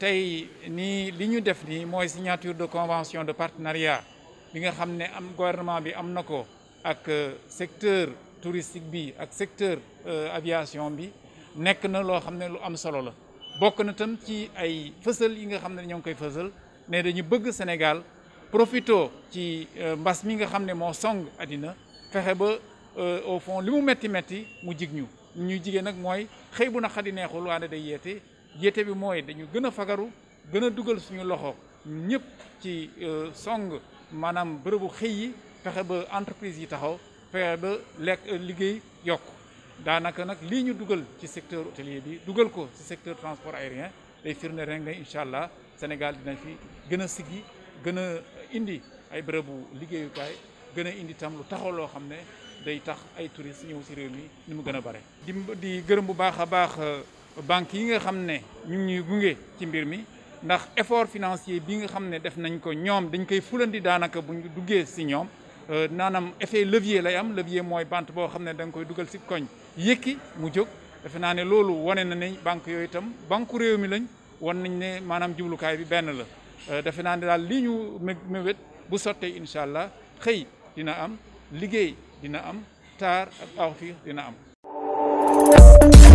tay ni li ñu def ni moy signature de convention de partenariat bi nga xamné am gouvernement bi am na ak euh, secteur touristique bi ak secteur euh, aviation bi nek na lo xamné lu am solo la bokk na tam ci ay feussel yi nga xamné ñong koy feussel ne dañu bëgg Sénégal profito ci euh, mbass mi nga xamné mo song adina fexe ba au fond limu metti metti mu jig ñu jigé nak moy mooy bu na xadi neexul waane day yété yéete bi mooy dañu gën a fagaru gën a dugal suñu loxo ñëpp ci euh, song maanaam bërëbu xëy yi pexe ba entreprise yi taxaw fexe ba lekk euh, liggéey yokk daanaka nag lii ñu dugal ci secteur hôtelier bi dugal ko ci secteur transport aérien day firnde rek ne incha allah Sénégal dina ci gën a siggi gën a indi ay bërëbu liggéeyukaay gën a indi tam lu taxaw loo xam ne day tax ay touristes ñëw si réew mi ni mu gën a bare. di gërëm bu baax a baax. Euh, bank yi nga xamne ne ñu ñuy gunge ci mbir mi ndax effort financier bi nga xamne def nañ ko ñom dañ koy fulandi danaka buñu duggé ci ñom ñoom naanaam effet levier lay am levier moy bante bo xamne dang koy duggal ci koñ yëkki mu jóg def na ne lolu woné na ne bank yoy tam banku réew mi lañ won nañ ne maanaam kay bi ben la def na ne dal li ñu bu sottee inshallah xëy dina am liggéey dina am tar ak tawfiq dina am